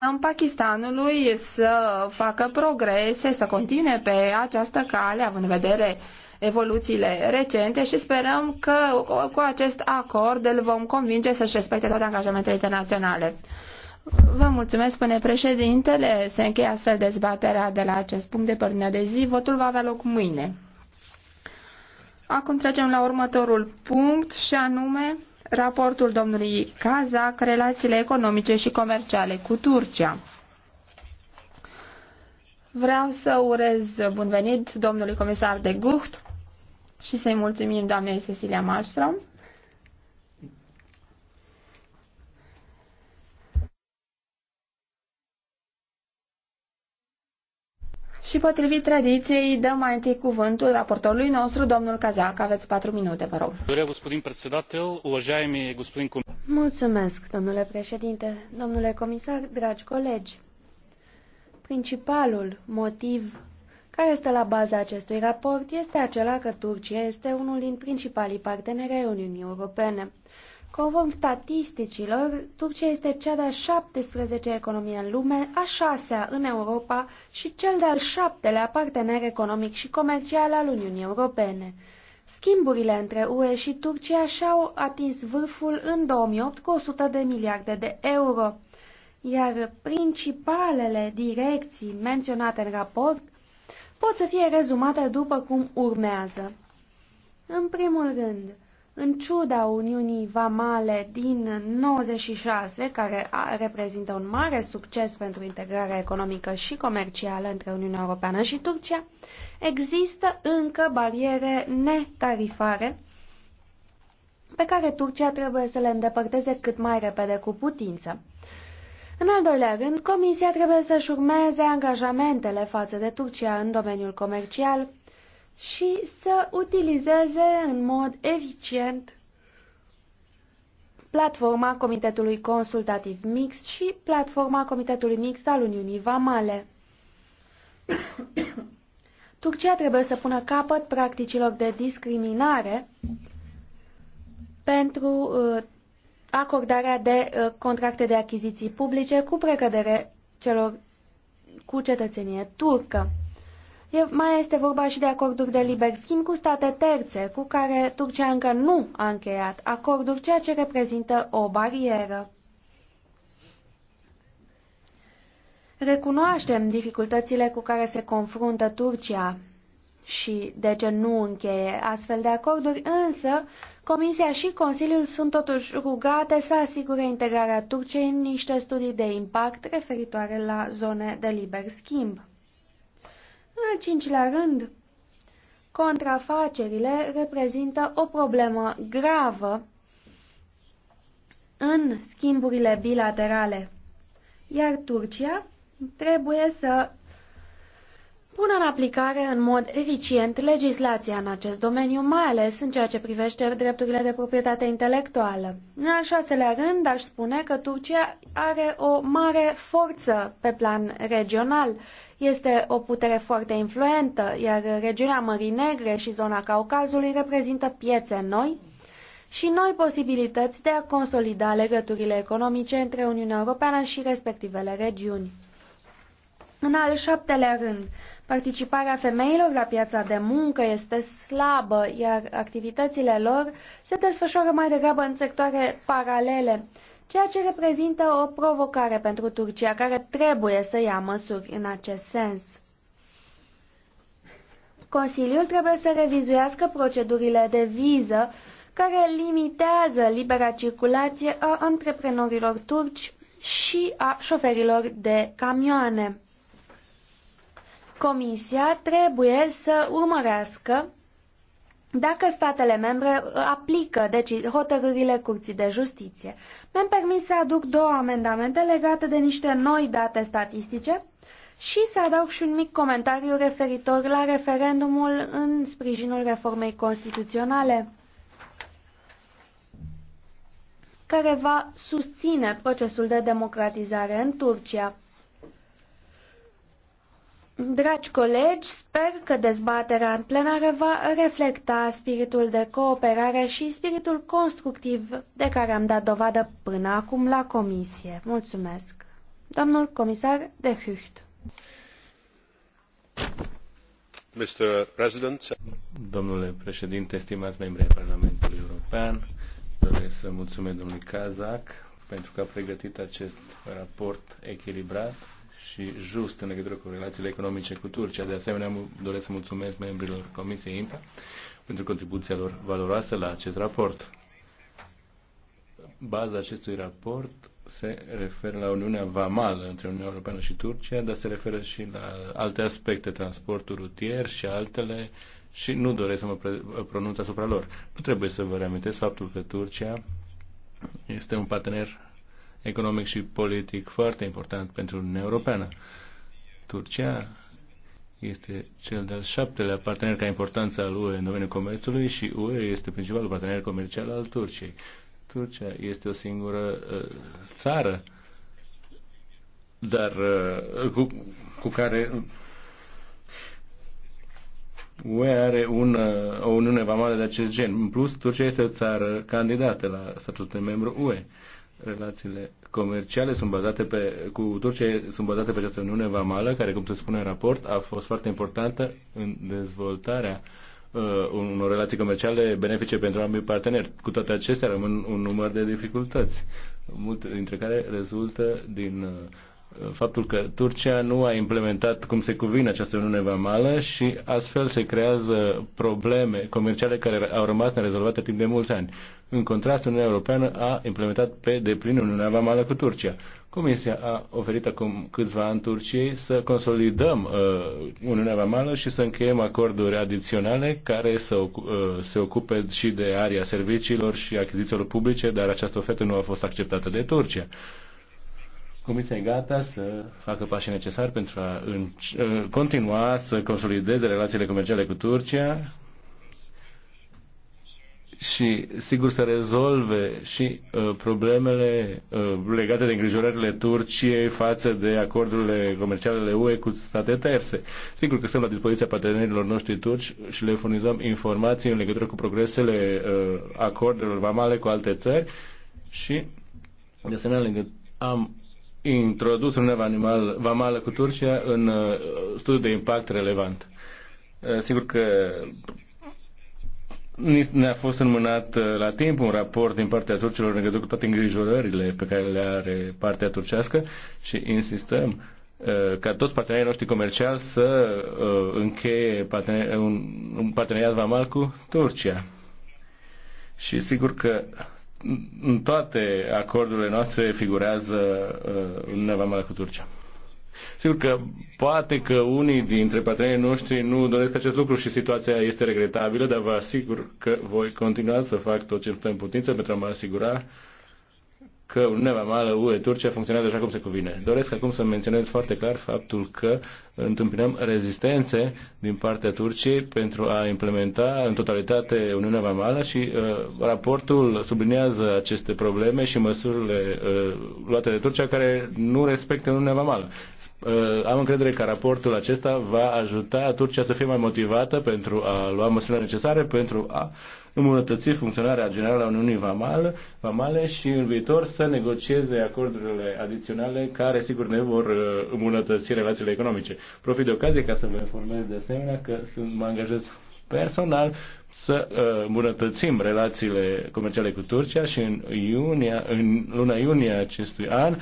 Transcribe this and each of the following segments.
în Pakistanului să facă progrese, să continue pe această cale, având în vedere evoluțiile recente și sperăm că cu acest acord îl vom convinge să-și respecte toate angajamentele internaționale. Vă mulțumesc, spune președintele. Se încheie astfel dezbaterea de la acest punct de părnea de zi. Votul va avea loc mâine. Acum trecem la următorul punct și anume raportul domnului Kazak, relațiile economice și comerciale cu Turcia. Vreau să urez bun venit domnului comisar de Gucht și să-i mulțumim doamnei Cecilia Malmström Și potrivit tradiției, dăm mai întâi cuvântul raportorului nostru, domnul Cazac. Aveți patru minute, vă rog. Mulțumesc, domnule președinte, domnule comisar, dragi colegi. Principalul motiv care este la baza acestui raport este acela că Turcia este unul din principalii parteneri ai Uniunii Europene. Conform statisticilor, Turcia este cea de-a 17 economie în lume, a șasea în Europa și cel de-al șapte-lea partener economic și comercial al Uniunii Europene. Schimburile între UE și Turcia și-au atins vârful în 2008 cu 100 de miliarde de euro, iar principalele direcții menționate în raport pot să fie rezumate după cum urmează. În primul rând, în ciuda Uniunii Vamale din 96, care reprezintă un mare succes pentru integrarea economică și comercială între Uniunea Europeană și Turcia, există încă bariere netarifare pe care Turcia trebuie să le îndepărteze cât mai repede cu putință. În al doilea rând, Comisia trebuie să-și urmeze angajamentele față de Turcia în domeniul comercial, și să utilizeze în mod eficient platforma Comitetului Consultativ Mixt și platforma Comitetului Mixt al Uniunii Vamale. Turcia trebuie să pună capăt practicilor de discriminare pentru uh, acordarea de uh, contracte de achiziții publice cu precădere celor cu cetățenie turcă. Mai este vorba și de acorduri de liber schimb cu state terțe, cu care Turcia încă nu a încheiat acorduri, ceea ce reprezintă o barieră. Recunoaștem dificultățile cu care se confruntă Turcia și de ce nu încheie astfel de acorduri, însă Comisia și Consiliul sunt totuși rugate să asigure integrarea Turciei în niște studii de impact referitoare la zone de liber schimb. În al cincilea rând, contrafacerile reprezintă o problemă gravă în schimburile bilaterale, iar Turcia trebuie să pună în aplicare în mod eficient legislația în acest domeniu, mai ales în ceea ce privește drepturile de proprietate intelectuală. În al șaselea rând, aș spune că Turcia are o mare forță pe plan regional. Este o putere foarte influentă, iar regiunea Mării Negre și zona Caucazului reprezintă piețe noi și noi posibilități de a consolida legăturile economice între Uniunea Europeană și respectivele regiuni. În al șaptelea rând, participarea femeilor la piața de muncă este slabă, iar activitățile lor se desfășoară mai degrabă în sectoare paralele, ceea ce reprezintă o provocare pentru Turcia, care trebuie să ia măsuri în acest sens. Consiliul trebuie să revizuiască procedurile de viză care limitează libera circulație a antreprenorilor turci și a șoferilor de camioane. Comisia trebuie să urmărească dacă statele membre aplică deci, hotărârile Curții de Justiție. Mi-am permis să aduc două amendamente legate de niște noi date statistice și să adaug și un mic comentariu referitor la referendumul în sprijinul reformei constituționale, care va susține procesul de democratizare în Turcia. Dragi colegi, sper că dezbaterea în plenară va reflecta spiritul de cooperare și spiritul constructiv de care am dat dovadă până acum la comisie. Mulțumesc. Domnul comisar de Hucht. Mr. President. Domnule președinte, stimați membri ai Parlamentului European, doresc să mulțumesc domnului Kazak pentru că a pregătit acest raport echilibrat și just în legătură cu relațiile economice cu Turcia. De asemenea, doresc să mulțumesc membrilor Comisiei INTA pentru contribuția lor valoroasă la acest raport. Baza acestui raport se referă la Uniunea Vamală între Uniunea Europeană și Turcia, dar se referă și la alte aspecte, transportul rutier și altele, și nu doresc să mă pronunț asupra lor. Nu trebuie să vă reamintesc faptul că Turcia este un partener economic și politic foarte important pentru Uniunea Europeană. Turcia este cel de-al șaptelea partener ca importanță al UE în domeniul comerțului și UE este principalul partener comercial al Turciei. Turcia este o singură uh, țară, dar uh, cu, cu care UE are un, uh, o uniune vamală de acest gen. În plus, Turcia este o țară candidată la statutul de membru UE. Uh, relațiile comerciale sunt bazate pe, cu Turcia sunt bazate pe această Uniune Vamală, care, cum se spune în raport, a fost foarte importantă în dezvoltarea uh, unor relații comerciale benefice pentru ambii parteneri. Cu toate acestea rămân un număr de dificultăți, multe dintre care rezultă din uh, faptul că Turcia nu a implementat cum se cuvine această uniune vamală și astfel se creează probleme comerciale care au rămas nerezolvate timp de mulți ani. În contrast, Uniunea Europeană a implementat pe deplin Uniunea Vamală cu Turcia. Comisia a oferit acum câțiva ani Turciei să consolidăm uh, Uniunea Vamală și să încheiem acorduri adiționale care să uh, se ocupe și de area serviciilor și achizițiilor publice, dar această ofertă nu a fost acceptată de Turcia. Uh, Comisia e gata să facă pașii necesari pentru a ă, continua să consolideze relațiile comerciale cu Turcia și, sigur, să rezolve și uh, problemele uh, legate de îngrijorările Turciei față de acordurile comerciale ale UE cu state terțe. Sigur că suntem la dispoziția partenerilor noștri turci și le furnizăm informații în legătură cu progresele uh, acordurilor vamale cu alte țări și, de asemenea, am introdus nou animal, Vamală cu Turcia în uh, studiu de impact relevant. Uh, sigur că ne-a fost înmânat uh, la timp un raport din partea turcilor în cu toate îngrijorările pe care le are partea turcească și insistăm ca toți partenerii noștri comerciali să încheie un parteneriat vamal cu Turcia. Și sigur că în toate acordurile noastre figurează uh, Uniunea Vamală cu Turcia. Sigur că poate că unii dintre partenerii noștri nu doresc acest lucru și situația este regretabilă, dar vă asigur că voi continua să fac tot ce îmi stă în putință pentru a mă asigura că Uniunea Vamală UE-Turcia funcționează așa cum se cuvine. Doresc acum să menționez foarte clar faptul că întâmpinăm rezistențe din partea Turciei pentru a implementa în totalitate Uniunea Vamală și uh, raportul subliniază aceste probleme și măsurile uh, luate de Turcia care nu respectă Uniunea Vamală. Uh, am încredere că raportul acesta va ajuta Turcia să fie mai motivată pentru a lua măsurile necesare pentru a uh, îmbunătăți funcționarea generală a Uniunii Vamale, Vamale și în viitor să negocieze acordurile adiționale care sigur ne vor uh, îmbunătăți relațiile economice. Profit de ocazie ca să vă informez de asemenea că sunt, mă angajez personal să uh, îmbunătățim relațiile comerciale cu Turcia și în, iunie, în luna iunie acestui an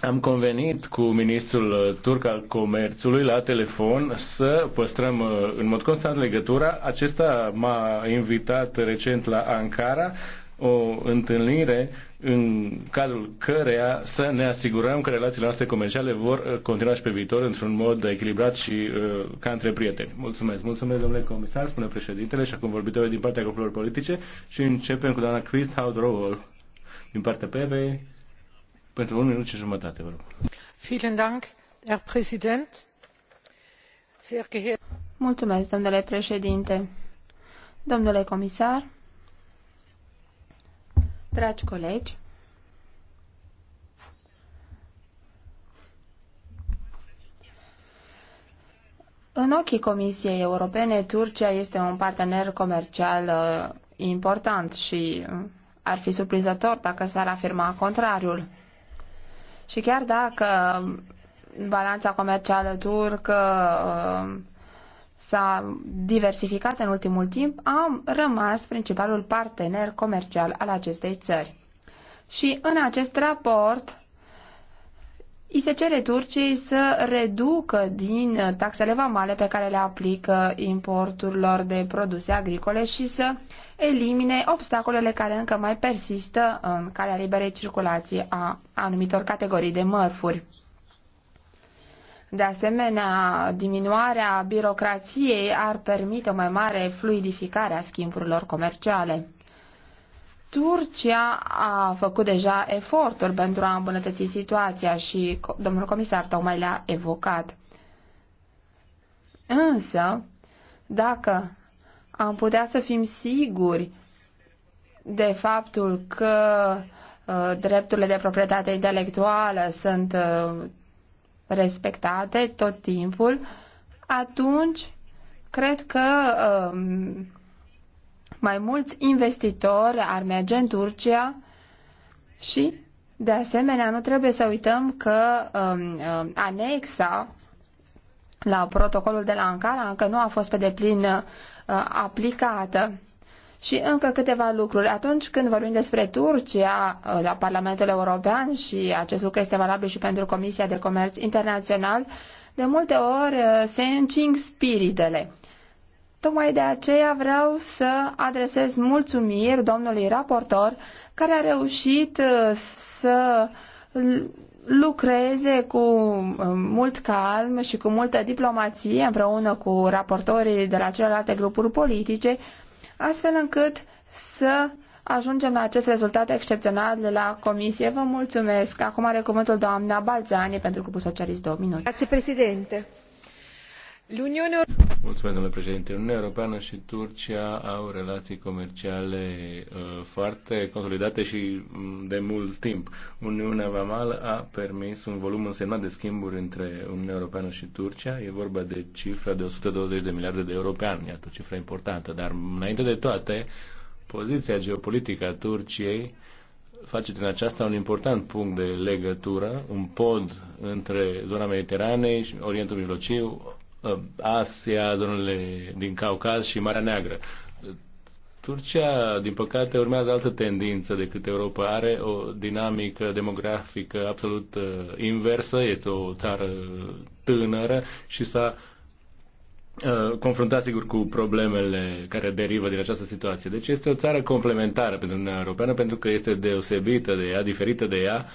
am convenit cu ministrul uh, turc al comerțului la telefon să păstrăm uh, în mod constant legătura. Acesta m-a invitat recent la Ankara o întâlnire în cadrul căreia să ne asigurăm că relațiile noastre comerciale vor uh, continua și pe viitor într-un mod echilibrat și uh, ca între prieteni. Mulțumesc. Mulțumesc, domnule comisar, spune președintele și acum vorbitorul din partea grupurilor politice și începem cu doamna Chris Howdrowell din partea PV. Pentru un minut și jumătate, vă rog. Herr Präsident. Mulțumesc, domnule președinte. Domnule comisar, dragi colegi, În ochii Comisiei Europene, Turcia este un partener comercial uh, important și uh, ar fi surprinzător dacă s-ar afirma contrariul. Și chiar dacă balanța comercială turcă uh, s-a diversificat în ultimul timp, am rămas principalul partener comercial al acestei țări. Și în acest raport îi se cere Turciei să reducă din taxele vamale pe care le aplică importurilor de produse agricole și să elimine obstacolele care încă mai persistă în calea liberei circulații a anumitor categorii de mărfuri. De asemenea, diminuarea birocrației ar permite o mai mare fluidificare a schimburilor comerciale. Turcia a făcut deja eforturi pentru a îmbunătăți situația și domnul comisar tocmai le-a evocat. Însă, dacă am putea să fim siguri de faptul că uh, drepturile de proprietate intelectuală sunt uh, respectate tot timpul, atunci cred că um, mai mulți investitori ar merge în Turcia și, de asemenea, nu trebuie să uităm că um, uh, anexa la protocolul de la Ankara încă nu a fost pe deplin Uh, aplicată. Și încă câteva lucruri. Atunci când vorbim despre Turcia uh, la Parlamentul European și acest lucru este valabil și pentru Comisia de Comerț Internațional, de multe ori uh, se încing spiritele. Tocmai de aceea vreau să adresez mulțumiri domnului raportor care a reușit să lucreze cu um, mult calm și cu multă diplomație împreună cu raportorii de la celelalte grupuri politice, astfel încât să ajungem la acest rezultat excepțional de la Comisie. Vă mulțumesc. Acum are cuvântul doamna Balzani pentru grupul socialist 2 minute. Grazie, președinte domnule președinte. Uniunea Europeană și Turcia au relații comerciale uh, foarte consolidate și mm, de mult timp. Uniunea Vamală a permis un volum însemnat de schimburi între Uniunea Europeană și Turcia. E vorba de cifra de 120 de miliarde de euro pe an. Iată o cifră importantă. Dar, înainte de toate, poziția geopolitică a Turciei face din aceasta un important punct de legătură, un pod între zona Mediteranei și Orientul Mijlociu, Ă, Asia, zonele din Caucaz și Marea Neagră. Turcia, din păcate, urmează altă tendință decât Europa. Are o dinamică demografică absolut ă, inversă, este o țară tânără și s-a ă, confruntat sigur cu problemele care derivă din această situație. Deci este o țară complementară pentru Uniunea Europeană pentru că este deosebită de ea, diferită de ea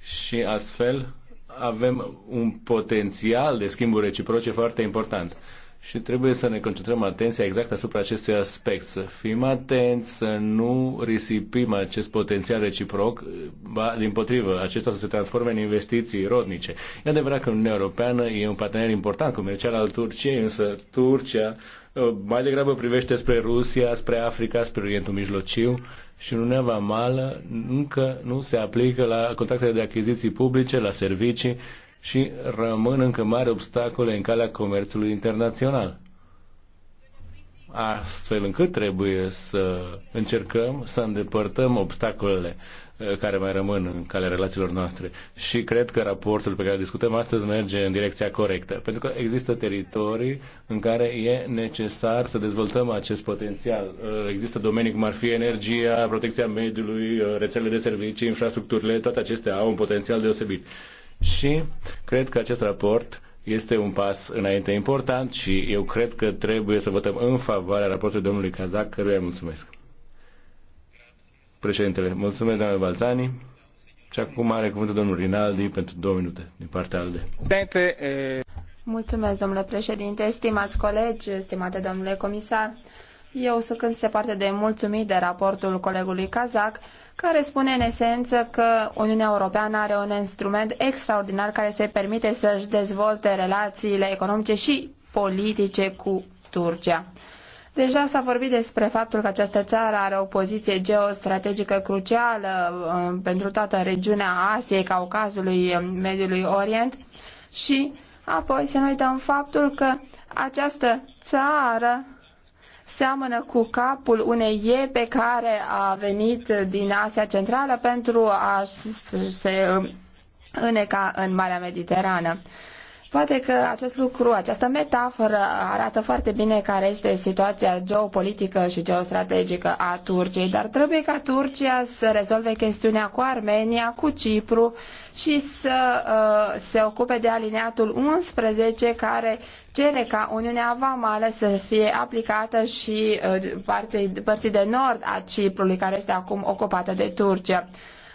și astfel avem un potențial de schimburi reciproce foarte important. Și trebuie să ne concentrăm atenția exact asupra acestui aspect, să fim atenți, să nu risipim acest potențial reciproc, ba, din potrivă, acesta să se transforme în investiții rodnice. E adevărat că Uniunea Europeană e un partener important comercial al Turciei, însă Turcia uh, mai degrabă privește spre Rusia, spre Africa, spre Orientul Mijlociu și Uniunea Vamală încă nu se aplică la contractele de achiziții publice, la servicii și rămân încă mari obstacole în calea comerțului internațional. Astfel încât trebuie să încercăm să îndepărtăm obstacolele Eh, care mai rămân în calea relațiilor noastre. Și cred că raportul pe care îl discutăm astăzi merge în direcția corectă, pentru că există teritorii în care e necesar să dezvoltăm acest potențial. Eh, există domenii cum ar fi energia, protecția mediului, eh, rețelele de servicii, infrastructurile, toate acestea au un potențial deosebit. Și cred că acest raport este un pas înainte important și eu cred că trebuie să votăm în favoarea raportului domnului Cazac, căruia mulțumesc. Președintele, mulțumesc, doamne Balzani. Și acum are cuvântul domnul Rinaldi pentru două minute din partea ALDE. Mulțumesc, domnule președinte, stimați colegi, stimate domnule comisar. Eu sunt când se parte de mulțumit de raportul colegului Kazak, care spune în esență că Uniunea Europeană are un instrument extraordinar care se permite să-și dezvolte relațiile economice și politice cu Turcia. Deja s-a vorbit despre faptul că această țară are o poziție geostrategică crucială um, pentru toată regiunea Asiei, Caucazului, um, Mediului Orient și apoi să nu uităm faptul că această țară seamănă cu capul unei iepe care a venit din Asia Centrală pentru a se um, îneca în Marea Mediterană. Poate că acest lucru, această metaforă arată foarte bine care este situația geopolitică și geostrategică a Turciei, dar trebuie ca Turcia să rezolve chestiunea cu Armenia, cu Cipru și să uh, se ocupe de alineatul 11 care cere ca Uniunea Vamală să fie aplicată și uh, parte, părții de nord a Ciprului care este acum ocupată de Turcia.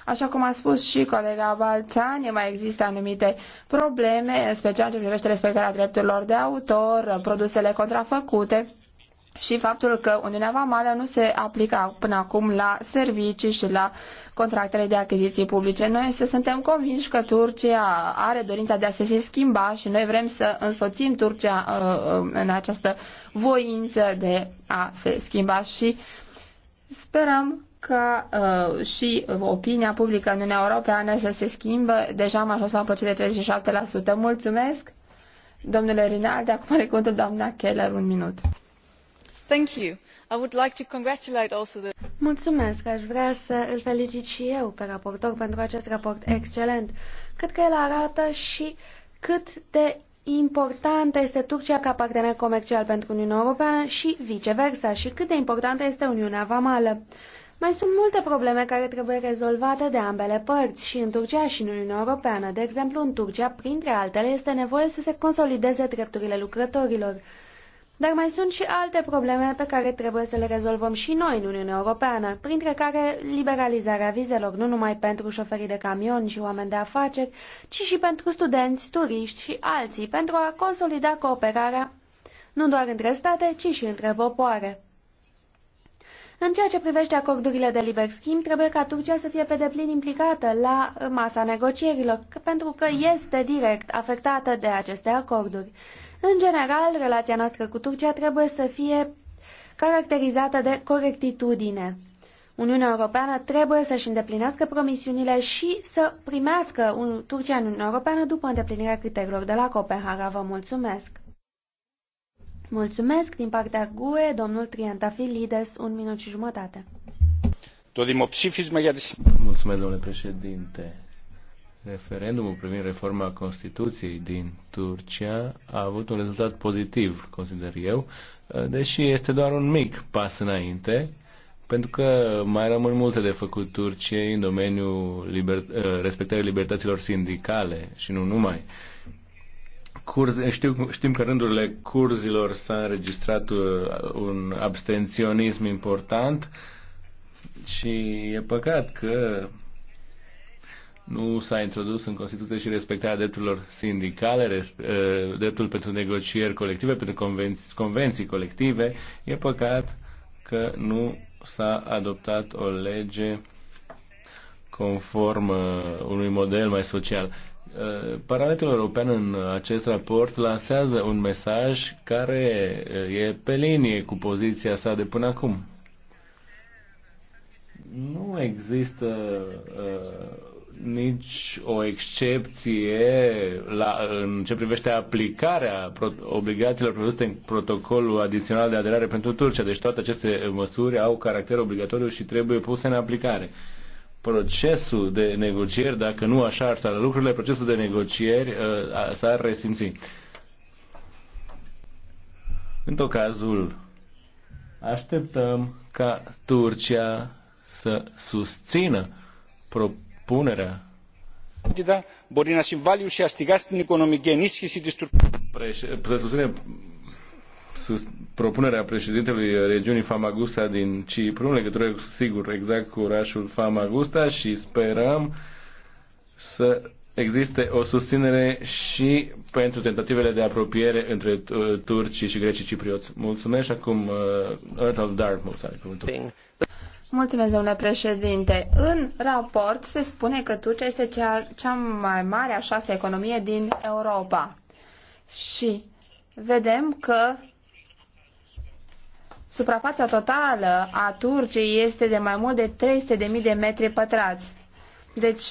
Așa cum a spus și colega Balțani, mai există anumite probleme, în special ce privește respectarea drepturilor de autor, produsele contrafăcute și faptul că Uniunea Vamală nu se aplică până acum la servicii și la contractele de achiziții publice. Noi să suntem convinși că Turcia are dorința de a se schimba și noi vrem să însoțim Turcia uh, uh, în această voință de a se schimba și sperăm ca uh, și opinia publică în Uniunea Europeană să se schimbă. Deja am ajuns la un procent de 37%. Mulțumesc, domnule Rinaldi. Acum are cuvântul doamna Keller, un minut. Thank you. I would like to congratulate also the... Mulțumesc, aș vrea să îl felicit și eu pe raportor pentru acest raport excelent. Cred că el arată și cât de importantă este Turcia ca partener comercial pentru Uniunea Europeană și viceversa și cât de importantă este Uniunea Vamală. Mai sunt multe probleme care trebuie rezolvate de ambele părți și în Turcia și în Uniunea Europeană. De exemplu, în Turcia, printre altele, este nevoie să se consolideze drepturile lucrătorilor. Dar mai sunt și alte probleme pe care trebuie să le rezolvăm și noi în Uniunea Europeană, printre care liberalizarea vizelor nu numai pentru șoferii de camion și oameni de afaceri, ci și pentru studenți, turiști și alții, pentru a consolida cooperarea nu doar între state, ci și între popoare. În ceea ce privește acordurile de liber schimb, trebuie ca Turcia să fie pe deplin implicată la masa negocierilor, pentru că este direct afectată de aceste acorduri. În general, relația noastră cu Turcia trebuie să fie caracterizată de corectitudine. Uniunea Europeană trebuie să-și îndeplinească promisiunile și să primească un Turcia în Uniunea Europeană după îndeplinirea criteriilor de la Copenhaga. Vă mulțumesc! Mulțumesc din partea GUE, domnul filides un minut și jumătate. Mulțumesc, domnule președinte. Referendumul privind reforma Constituției din Turcia a avut un rezultat pozitiv, consider eu, deși este doar un mic pas înainte, pentru că mai rămân multe de făcut Turciei în domeniul liber, respectării libertăților sindicale și nu numai. Curz, știu, știm că în rândurile curzilor s-a înregistrat uh, un abstenționism important și e păcat că nu s-a introdus în Constituție și respectarea drepturilor sindicale, resp- uh, dreptul pentru negocieri colective, pentru convenții, convenții colective. E păcat că nu s-a adoptat o lege conform uh, unui model mai social. Uh, Parlamentul European în acest raport lansează un mesaj care uh, e pe linie cu poziția sa de până acum. Nu există uh, nici o excepție la, în ce privește aplicarea obligațiilor prevăzute în protocolul adițional de aderare pentru Turcia. Deci toate aceste măsuri au caracter obligatoriu și trebuie puse în aplicare. Uh, procesul de negocieri, dacă nu așa ar sta lucrurile, procesul de negocieri uh, s-ar resimți. În tot cazul, așteptăm ca Turcia să susțină propunerea μπορεί να συμβάλλει economie στην și ενίσχυση Să susținem sus, propunerea președintelui regiunii Famagusta din Cipru, în legătură, sigur, exact cu orașul Famagusta și sperăm să existe o susținere și pentru tentativele de apropiere între uh, turcii și grecii ciprioți. Mulțumesc acum uh, Earth of Dartmouth are cuvântul. Mulțumesc, domnule președinte. În raport se spune că Turcia este cea, cea mai mare a șasea economie din Europa. Și vedem că Suprafața totală a Turciei este de mai mult de 300.000 de metri pătrați. Deci,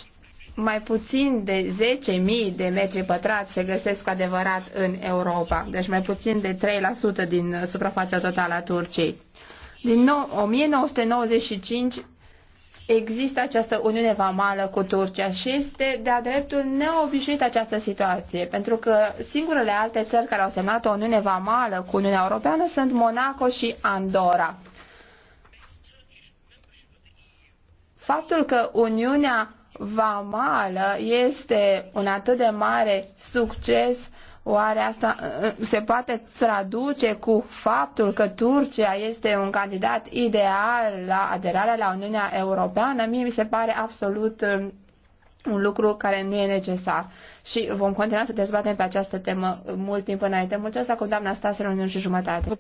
mai puțin de 10.000 de metri pătrați se găsesc cu adevărat în Europa, deci mai puțin de 3% din suprafața totală a Turciei. Din nou, 1995 există această uniune vamală cu Turcia și este de-a dreptul neobișnuită această situație, pentru că singurele alte țări care au semnat o uniune vamală cu Uniunea Europeană sunt Monaco și Andorra. Faptul că Uniunea Vamală este un atât de mare succes Oare asta ă, ă, se poate traduce cu faptul că Turcia este un candidat ideal la aderarea la Uniunea Europeană? Mie mi se pare absolut ă, un lucru care nu e necesar. Și vom continua să dezbatem pe această temă mult timp înainte. Mulțumesc acum, doamna Stasel, un și jumătate.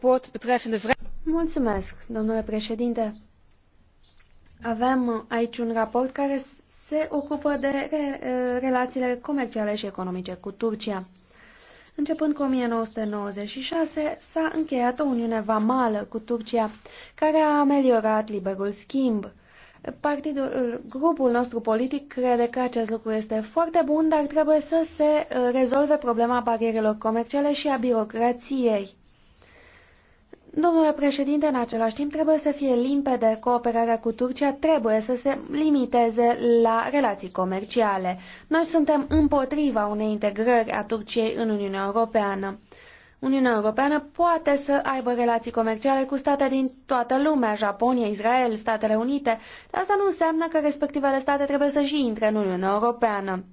Mulțumesc, domnule președinte. Avem aici un raport care se ocupă de re, relațiile comerciale și economice cu Turcia. Începând cu 1996, s-a încheiat o uniune vamală cu Turcia, care a ameliorat liberul schimb. Partidul, grupul nostru politic crede că acest lucru este foarte bun, dar trebuie să se uh, rezolve problema barierelor comerciale și a birocrației. Domnule președinte, în același timp trebuie să fie limpede cooperarea cu Turcia, trebuie să se limiteze la relații comerciale. Noi suntem împotriva unei integrări a Turciei în Uniunea Europeană. Uniunea Europeană poate să aibă relații comerciale cu state din toată lumea, Japonia, Israel, Statele Unite, dar asta nu înseamnă că respectivele state trebuie să-și intre în Uniunea Europeană.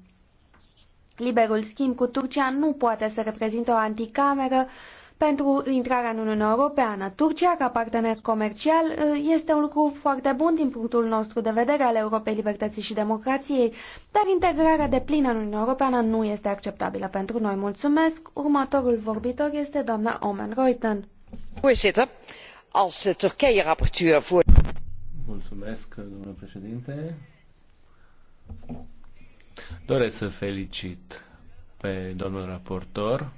Liberul schimb cu Turcia nu poate să reprezinte o anticameră pentru intrarea în Uniunea Europeană. Turcia, ca partener comercial, eh, este un lucru foarte bun din punctul nostru de vedere al Europei Libertății și Democrației, dar integrarea de plină în Uniunea Europeană nu este acceptabilă pentru noi. Mulțumesc. Următorul vorbitor este doamna Omen Reuten. Eh, Mulțumesc, domnule președinte. Doresc să felicit pe domnul raportor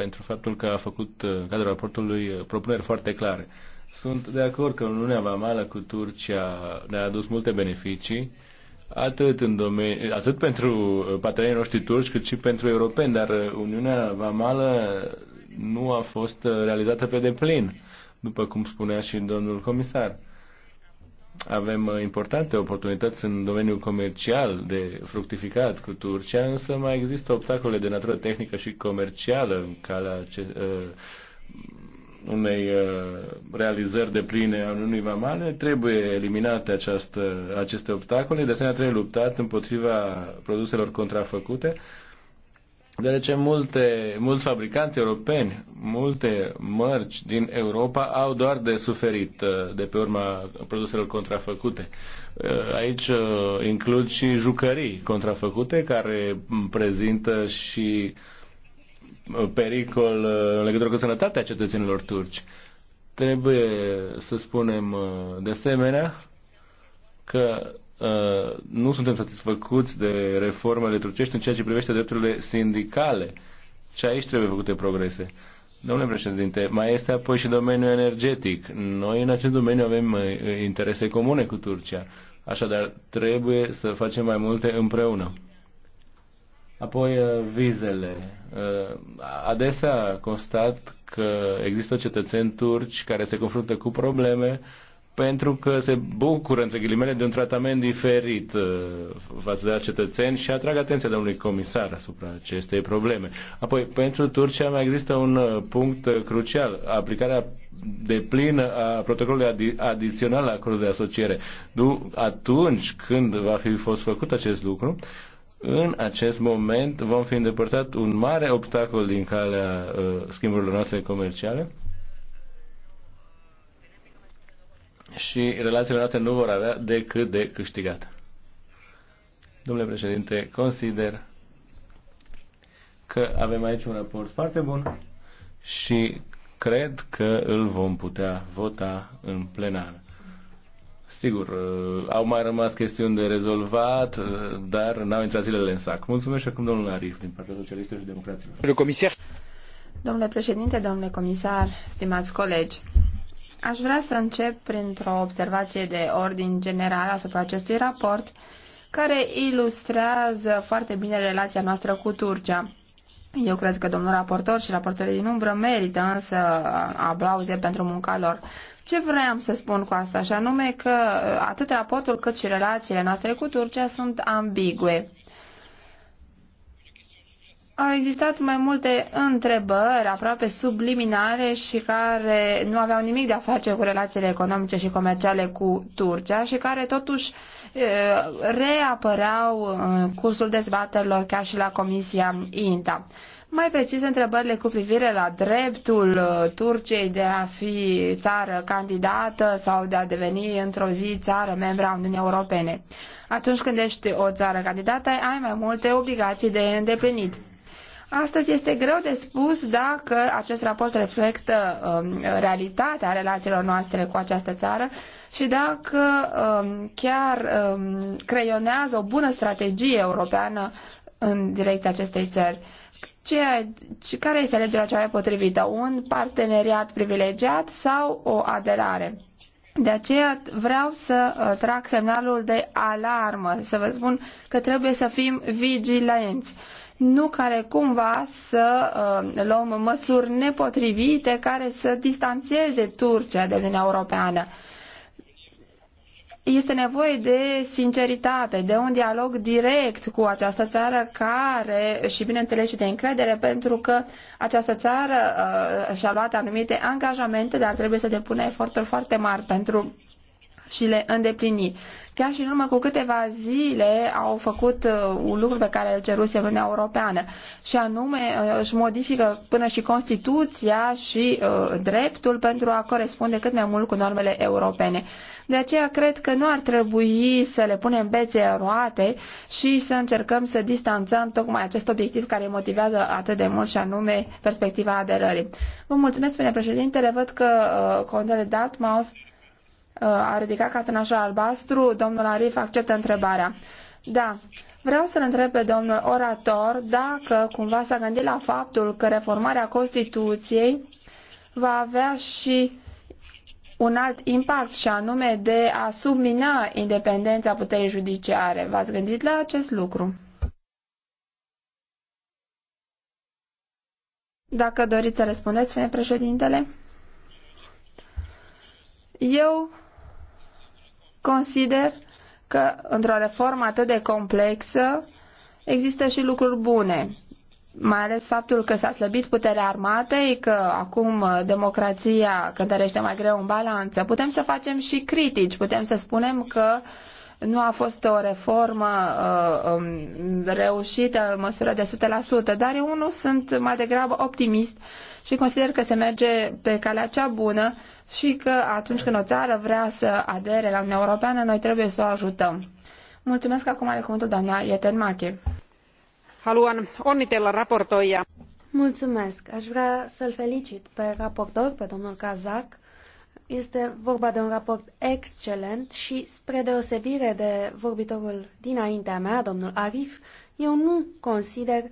pentru faptul că a făcut în uh, cadrul raportului uh, propuneri foarte clare. Sunt de acord că Uniunea Vamală cu Turcia ne-a adus multe beneficii, atât, în domeni, atât pentru uh, partenerii noștri turci, cât și pentru europeni, dar Uniunea Vamală nu a fost realizată pe deplin, după cum spunea și domnul comisar. Avem uh, importante oportunități în domeniul comercial de fructificat cu Turcia, însă mai există obstacole de natură tehnică și comercială în calea uh, unei uh, realizări de pline a unui Vamale, trebuie eliminate această, aceste obstacole, de asemenea trebuie luptat împotriva produselor contrafăcute, deoarece multe, mulți fabricanți europeni, multe mărci din Europa au doar de suferit uh, de pe urma produselor contrafăcute. Uh, aici uh, includ și jucării contrafăcute care prezintă și pericol în legătură cu sănătatea cetățenilor turci. Trebuie să spunem de asemenea că nu suntem satisfăcuți de reformele turcești în ceea ce privește drepturile sindicale. Și aici trebuie făcute progrese. Domnule președinte, mai este apoi și domeniul energetic. Noi în acest domeniu avem uh, interese comune cu Turcia. Așadar, trebuie să facem mai multe împreună. Apoi, uh, vizele. Uh, adesea constat că există cetățeni turci care se confruntă cu probleme pentru că se bucură, între ghilimele, de un tratament diferit uh, față de cetățeni și atrag atenția domnului comisar asupra acestei probleme. Apoi, pentru Turcia mai există un uh, punct uh, crucial, aplicarea de plin a protocolului adi- adițional la acordul de asociere. Atunci când va fi fost făcut acest lucru, în acest moment vom fi îndepărtat un mare obstacol din calea uh, schimburilor noastre comerciale și relațiile noastre nu vor avea decât de câștigat. Domnule președinte, consider că avem aici un raport foarte bun și cred că îl vom putea vota în plenar. Sigur, uh, au mai rămas chestiuni de rezolvat, uh, dar n-au intrat zilele în sac. Mulțumesc și acum domnul Arif din Partea Socialistă și Democraților. Domnule președinte, domnule comisar, stimați colegi, Aș vrea să încep printr-o observație de ordin general asupra acestui raport, care ilustrează foarte bine relația noastră cu Turcia. Eu cred că domnul raportor și raportorii din umbră merită însă aplauze pentru munca lor. Ce vreau să spun cu asta, și anume că atât raportul cât și relațiile noastre cu Turcia sunt ambigue. Au existat mai multe întrebări aproape subliminare și care nu aveau nimic de a face cu relațiile economice și comerciale cu Turcia și care totuși reapăreau în cursul dezbaterilor chiar și la Comisia INTA. Mai precis, întrebările cu privire la dreptul Turciei de a fi țară candidată sau de a deveni într-o zi țară membra a Uniunii Europene. Atunci când ești o țară candidată, ai mai multe obligații de îndeplinit. Astăzi este greu de spus dacă acest raport reflectă um, realitatea relațiilor noastre cu această țară și dacă um, chiar um, creionează o bună strategie europeană în direcția acestei țări. Ceea, care este alegerea cea mai potrivită? Un parteneriat privilegiat sau o aderare? De aceea vreau să uh, trag semnalul de alarmă, să vă spun că trebuie să fim vigilenți. Uh, nu care cumva să uh, luăm măsuri nepotrivite care să distanțeze Turcia de Uniunea Europeană. Este nevoie de sinceritate, de un dialog direct cu această țară care, și bineînțeles și de încredere, pentru că această țară uh, și-a luat anumite angajamente, dar trebuie să depună eforturi foarte mari pentru și le îndeplini. Chiar și în urmă cu câteva zile au făcut uh, un lucru pe care îl ceruse Uniunea Europeană și anume uh, își modifică până și Constituția și uh, dreptul pentru a corespunde cât mai mult cu normele europene. De aceea cred că nu ar trebui să le punem bețe roate și să încercăm să distanțăm tocmai acest obiectiv care îi motivează atât de mult și anume perspectiva aderării. Vă mulțumesc, spune președintele, văd că uh, contele Dartmouth Uh, a ridicat cartonașul albastru. Domnul Arif acceptă întrebarea. Da, vreau să-l întreb pe domnul orator dacă cumva s-a gândit la faptul că reformarea Constituției va avea și un alt impact și anume de a submina independența puterii judiciare. V-ați gândit la acest lucru? Dacă doriți să răspundeți, spune președintele. Eu consider că într-o reformă atât de complexă există și lucruri bune, mai ales faptul că s-a slăbit puterea armatei, că acum uh, democrația cântărește mai greu în balanță. Putem să facem și critici, putem să spunem că uh, nu a fost o reformă uh, um, reușită în măsură de 100%, dar eu unul sunt mai degrabă optimist și consider că se merge pe calea cea bună și că atunci când o țară vrea să adere la Uniunea Europeană, noi trebuie să o ajutăm. Mulțumesc acum are cuvântul doamna Ietenmache. Haluan onnitella raportoia. Mulțumesc. Aș vrea să-l felicit pe raportor, pe domnul Kazak, este vorba de un raport excelent și, spre deosebire de vorbitorul dinaintea mea, domnul Arif, eu nu consider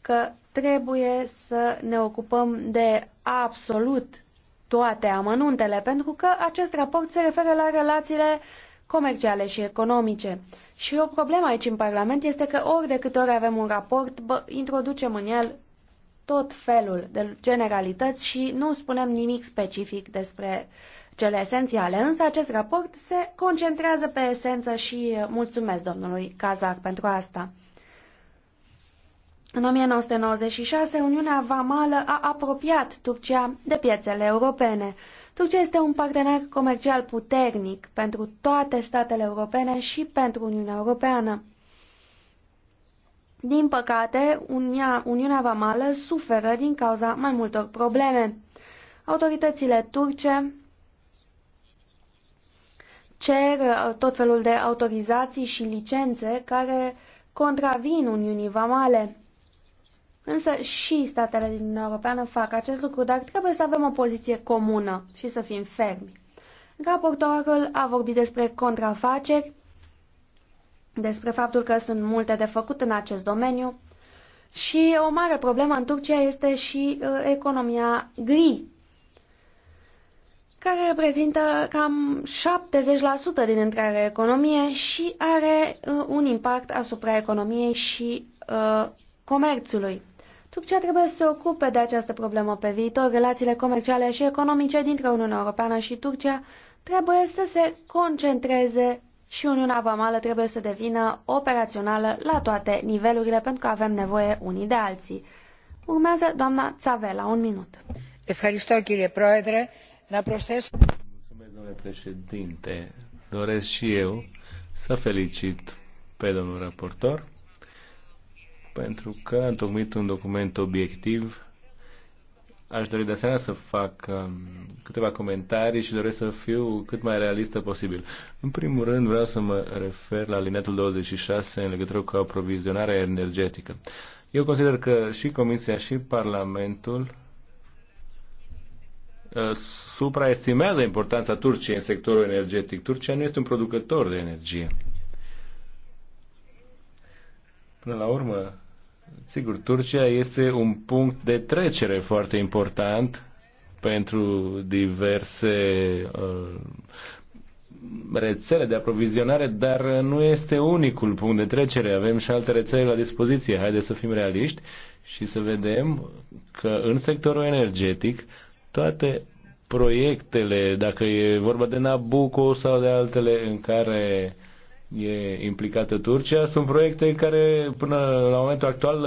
că trebuie să ne ocupăm de absolut toate amănuntele, pentru că acest raport se referă la relațiile comerciale și economice. Și o problemă aici în Parlament este că ori de câte ori avem un raport, bă, introducem în el tot felul de generalități și nu spunem nimic specific despre cele esențiale, însă acest raport se concentrează pe esență și mulțumesc domnului Cazac pentru asta. În 1996, Uniunea Vamală a apropiat Turcia de piețele europene. Turcia este un partener comercial puternic pentru toate statele europene și pentru Uniunea Europeană. Din păcate, Unia, Uniunea Vamală suferă din cauza mai multor probleme. Autoritățile turce cer uh, tot felul de autorizații și licențe care contravin Uniunii Vamale. Însă și statele din Uniunea Europeană fac acest lucru, dar trebuie să avem o poziție comună și să fim fermi. Raportorul a vorbit despre contrafaceri despre faptul că sunt multe de făcut în acest domeniu și o mare problemă în Turcia este și uh, economia gri, care reprezintă cam 70% din întreaga economie și are uh, un impact asupra economiei și uh, comerțului. Turcia trebuie să se ocupe de această problemă pe viitor. Relațiile comerciale și economice dintre Uniunea Europeană și Turcia trebuie să se concentreze și Uniunea Vamală trebuie să devină operațională la toate nivelurile pentru că avem nevoie unii de alții. Urmează doamna Țavela, un minut. Mulțumesc, domnule președinte. Doresc și eu să felicit pe domnul raportor pentru că a întocmit un document obiectiv Aș dori de asemenea să fac um, câteva comentarii și doresc să fiu cât mai realistă posibil. În primul rând vreau să mă refer la linetul 26 în legătură cu aprovizionarea energetică. Eu consider că și Comisia și Parlamentul uh, supraestimează importanța Turciei în sectorul energetic. Turcia nu este un producător de energie. Până la urmă, Sigur, Turcia este un punct de trecere foarte important pentru diverse uh, rețele de aprovizionare, dar nu este unicul punct de trecere. Avem și alte rețele la dispoziție. Haideți să fim realiști și să vedem că în sectorul energetic toate proiectele, dacă e vorba de Nabucco sau de altele în care e implicată Turcia, sunt proiecte care până la momentul actual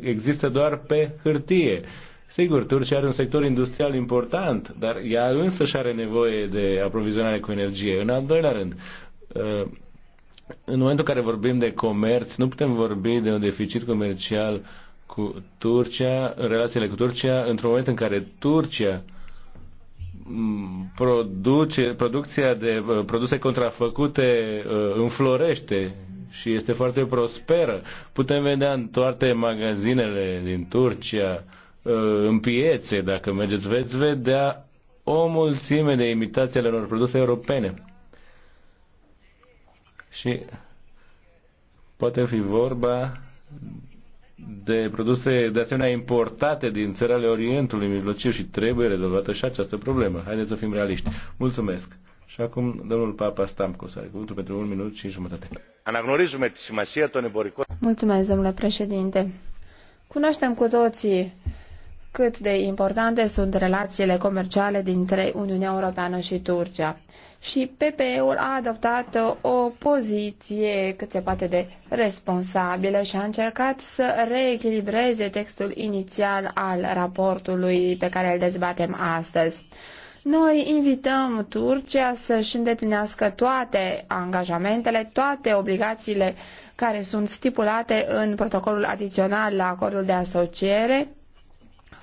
există doar pe hârtie. Sigur, Turcia are un sector industrial important, dar ea însă și are nevoie de aprovizionare cu energie. În al doilea rând, uh, în momentul în care vorbim de comerț, nu putem vorbi de un deficit comercial cu Turcia, în relațiile cu Turcia, într-un moment în care Turcia uh, produce, producția de produse contrafăcute înflorește și este foarte prosperă. Putem vedea în toate magazinele din Turcia, în piețe, dacă mergeți, veți vedea o mulțime de imitații ale unor produse europene. Și poate fi vorba de produse de asemenea importate din țările Orientului Mijlociu și trebuie rezolvată și această problemă. Haideți să fim realiști. Mulțumesc. Și acum domnul Papa Stamcos are cuvântul pentru un minut și jumătate. Mulțumesc, domnule președinte. Cunoaștem cu toții cât de importante sunt relațiile comerciale dintre Uniunea Europeană și Turcia și PPE-ul a adoptat uh, o poziție cât se poate de responsabilă și a încercat să reechilibreze textul inițial al raportului pe care îl dezbatem astăzi. Noi invităm Turcia să-și îndeplinească toate angajamentele, toate obligațiile care sunt stipulate în protocolul adițional la acordul de asociere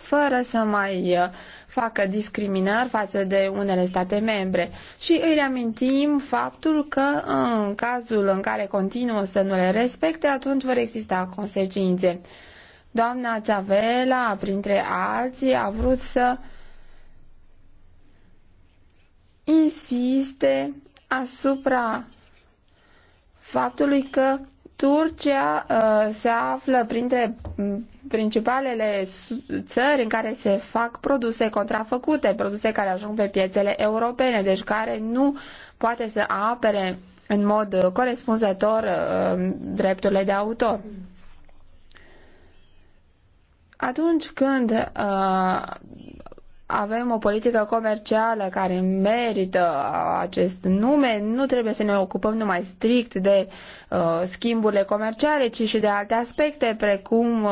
fără să mai uh, facă discriminări față de unele state membre. Și îi reamintim faptul că uh, în cazul în care continuă să nu le respecte, atunci vor exista consecințe. Doamna Țavela, printre alții, a vrut să insiste asupra faptului că Turcia uh, se află printre principalele țări în care se fac produse contrafăcute, produse care ajung pe piețele europene, deci care nu poate să apere în mod corespunzător uh, drepturile de autor. Atunci când uh, avem o politică comercială care merită acest nume, nu trebuie să ne ocupăm numai strict de uh, schimburile comerciale, ci și de alte aspecte, precum uh,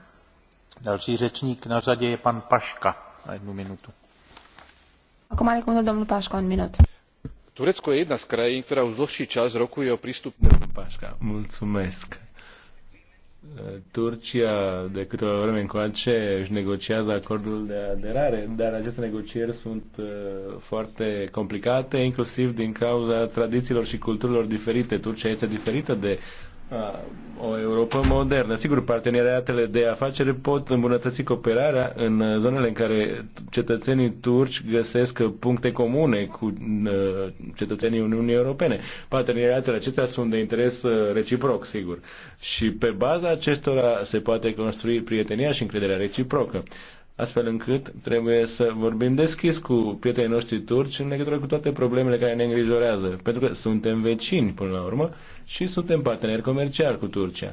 Další řečník na řadě je pan Paška na jednu minutu. Acum are domnul un minut. Turecko je jedna z krajín, ktorá už dlhší čas rokuje o prístup... Domnul mulțumesc. Turcia de câteva vreme încoace își negociază acordul de aderare, dar aceste negocieri sunt uh, foarte complicate, inclusiv din cauza tradițiilor și culturilor diferite. Turcia este diferită de Ah, o Europa modernă. Sigur, parteneriatele de afacere pot îmbunătăți cooperarea în uh, zonele în care cetățenii turci găsesc uh, puncte comune cu uh, cetățenii Uniunii Europene. Parteneriatele acestea sunt de interes reciproc, sigur. Și pe baza acestora se poate construi prietenia și încrederea reciprocă astfel încât trebuie să vorbim deschis cu prietenii noștri turci în legătură cu toate problemele care ne îngrijorează, pentru că suntem vecini până la urmă și suntem parteneri comerciali cu Turcia.